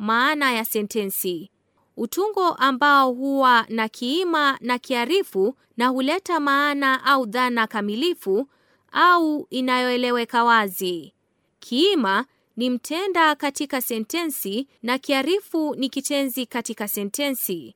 Maana ya sentensi: utungo ambao huwa na kiima na kiarifu na huleta maana au dhana kamilifu au inayoeleweka wazi. Kiima ni mtenda katika sentensi na kiarifu ni kitenzi katika sentensi.